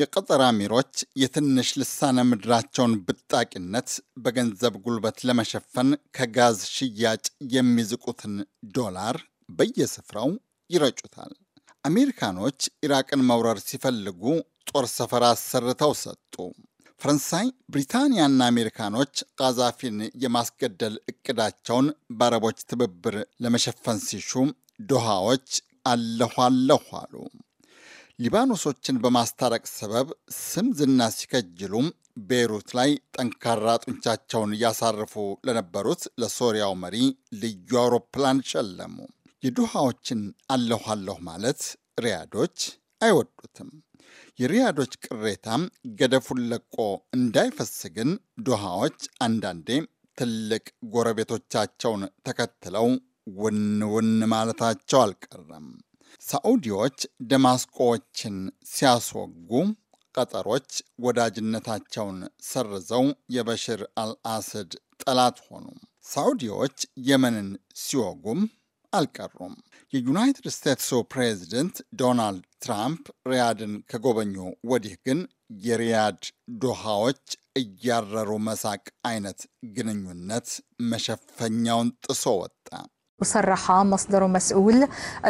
የቀጠራ ሚሮች የትንሽ ልሳነ ምድራቸውን ብጣቂነት በገንዘብ ጉልበት ለመሸፈን ከጋዝ ሽያጭ የሚዝቁትን ዶላር በየስፍራው ይረጩታል። አሜሪካኖች ኢራቅን መውረር ሲፈልጉ ጦር ሰፈር አሰርተው ሰጡ። ፈረንሳይ፣ ብሪታንያና አሜሪካኖች ቃዛፊን የማስገደል እቅዳቸውን በአረቦች ትብብር ለመሸፈን ሲሹ ዶሃዎች አለሁ አሉ። ሊባኖሶችን በማስታረቅ ሰበብ ስም ዝና ሲከጅሉም ቤይሩት ላይ ጠንካራ ጡንቻቸውን እያሳረፉ ለነበሩት ለሶሪያው መሪ ልዩ አውሮፕላን ሸለሙ። የዱሃዎችን አለኋለሁ ማለት ሪያዶች አይወዱትም። የሪያዶች ቅሬታም ገደፉን ለቆ እንዳይፈስ ግን ዱሃዎች አንዳንዴ ትልቅ ጎረቤቶቻቸውን ተከትለው ውን ውን ማለታቸው አልቀረም። ሳዑዲዎች ደማስቆዎችን ሲያስወጉ ቀጠሮች ወዳጅነታቸውን ሰርዘው የበሽር አልአስድ ጠላት ሆኑ። ሳዑዲዎች የመንን ሲወጉም አልቀሩም። የዩናይትድ ስቴትሱ ፕሬዚደንት ዶናልድ ትራምፕ ሪያድን ከጎበኙ ወዲህ ግን የሪያድ ዶሃዎች እያረሩ መሳቅ አይነት ግንኙነት መሸፈኛውን ጥሶ ወጣ። ወሰረሐ መስደሩ መስኡል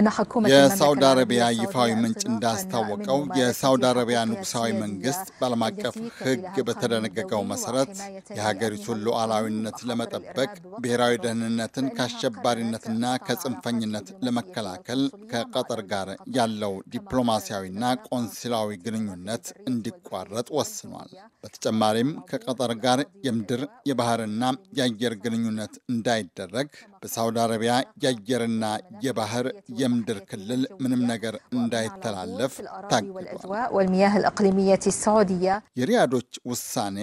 እና የሳውዲ አረቢያ ይፋዊ ምንጭ እንዳስታወቀው የሳውዲ አረቢያ ንጉሳዊ መንግስት በዓለም አቀፍ ሕግ በተደነገገው መሰረት የሀገሪቱን ሉዓላዊነት ለመጠበቅ ብሔራዊ ደህንነትን ከአሸባሪነትና ከጽንፈኝነት ለመከላከል ከቀጠር ጋር ያለው ዲፕሎማሲያዊና ቆንስላዊ ግንኙነት እንዲቋረጥ ወስኗል። በተጨማሪም ከቀጠር ጋር የምድር የባህርና የአየር ግንኙነት እንዳይደረግ በሳውዲ አረቢያ የአየርና የባህር የምድር ክልል ምንም ነገር እንዳይተላለፍ ታግዷል። የሪያዶች ውሳኔ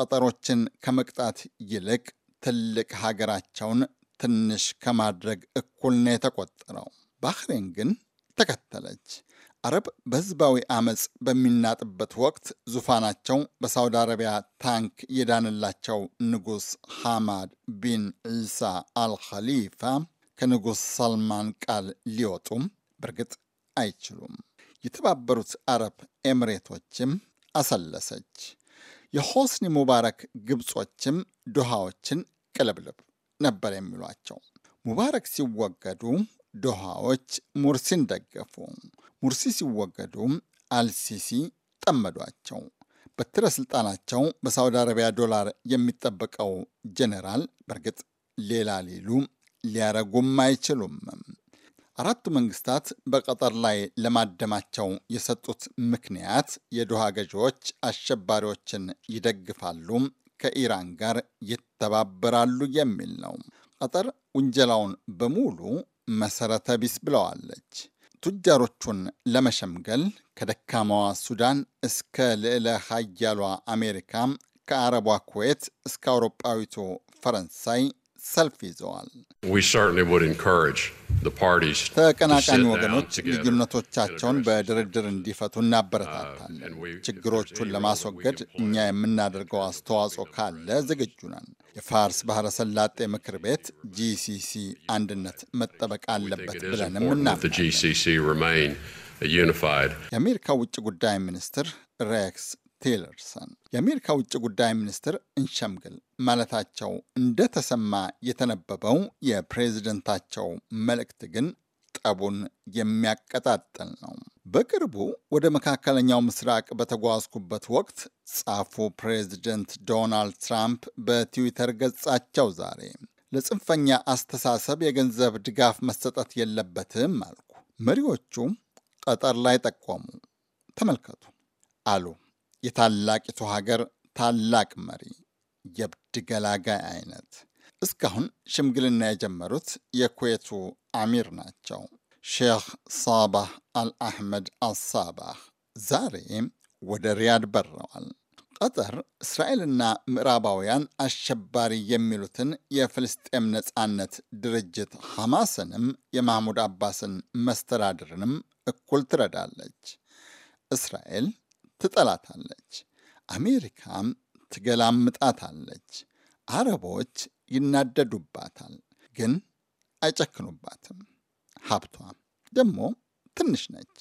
ቀጠሮችን ከመቅጣት ይልቅ ትልቅ ሀገራቸውን ትንሽ ከማድረግ እኩል ነው የተቆጠረው። ባህሬን ግን ተከተለች። አረብ በህዝባዊ አመፅ በሚናጥበት ወቅት ዙፋናቸው በሳውዲ አረቢያ ታንክ የዳንላቸው ንጉሥ ሐማድ ቢን ዒሳ አልኸሊፋ ከንጉሥ ሳልማን ቃል ሊወጡም በእርግጥ አይችሉም። የተባበሩት አረብ ኤምሬቶችም አሰለሰች። የሆስኒ ሙባረክ ግብጾችም ዶሃዎችን ቅልብልብ ነበር የሚሏቸው። ሙባረክ ሲወገዱ ዶሃዎች ሙርሲን ደገፉ። ሙርሲ ሲወገዱ አልሲሲ ጠመዷቸው። በትረ ስልጣናቸው በሳውዲ አረቢያ ዶላር የሚጠበቀው ጄኔራል በእርግጥ ሌላ ሊሉ ሊያረጉም አይችሉም። አራቱ መንግስታት በቀጠር ላይ ለማደማቸው የሰጡት ምክንያት የዶሃ ገዢዎች አሸባሪዎችን ይደግፋሉ፣ ከኢራን ጋር ይተባበራሉ የሚል ነው። ቀጠር ውንጀላውን በሙሉ መሰረተ ቢስ ብለዋለች። ቱጃሮቹን ለመሸምገል ከደካማዋ ሱዳን እስከ ልዕለ ሀያሏ አሜሪካ ከአረቧ ኩዌት እስከ አውሮጳዊቱ ፈረንሳይ ሰልፍ ይዘዋል። ተቀናቃኝ ወገኖች ልዩነቶቻቸውን በድርድር እንዲፈቱ እናበረታታለን። uh, ችግሮቹን ለማስወገድ እኛ የምናደርገው አስተዋጽኦ ካለ ዝግጁ ነን። የፋርስ ባህረ ሰላጤ ምክር ቤት ጂሲሲ አንድነት መጠበቅ አለበት ብለንም እናምናለን። የአሜሪካ ውጭ ጉዳይ ሚኒስትር ሬክስ ቲለርሰን የአሜሪካ ውጭ ጉዳይ ሚኒስትር እንሸምግል ማለታቸው እንደተሰማ የተነበበው የፕሬዝደንታቸው መልእክት ግን ጠቡን የሚያቀጣጥል ነው። በቅርቡ ወደ መካከለኛው ምስራቅ በተጓዝኩበት ወቅት ጻፉ ፕሬዝደንት ዶናልድ ትራምፕ በትዊተር ገጻቸው ዛሬ ለጽንፈኛ አስተሳሰብ የገንዘብ ድጋፍ መሰጠት የለበትም አልኩ። መሪዎቹ ቀጠር ላይ ጠቆሙ። ተመልከቱ አሉ። የታላቂቱ ሀገር ታላቅ መሪ የብድ ገላጋይ አይነት። እስካሁን ሽምግልና የጀመሩት የኩዌቱ አሚር ናቸው፣ ሼክ ሳባህ አልአህመድ አልሳባህ ዛሬ ወደ ሪያድ በረዋል። ቀጠር እስራኤልና ምዕራባውያን አሸባሪ የሚሉትን የፍልስጤም ነፃነት ድርጅት ሐማስንም የማህሙድ አባስን መስተዳድርንም እኩል ትረዳለች። እስራኤል ትጠላታለች፣ አሜሪካም ትገላምጣታለች። አረቦች ይናደዱባታል፣ ግን አይጨክኑባትም። ሀብቷ ደግሞ ትንሽ ነች።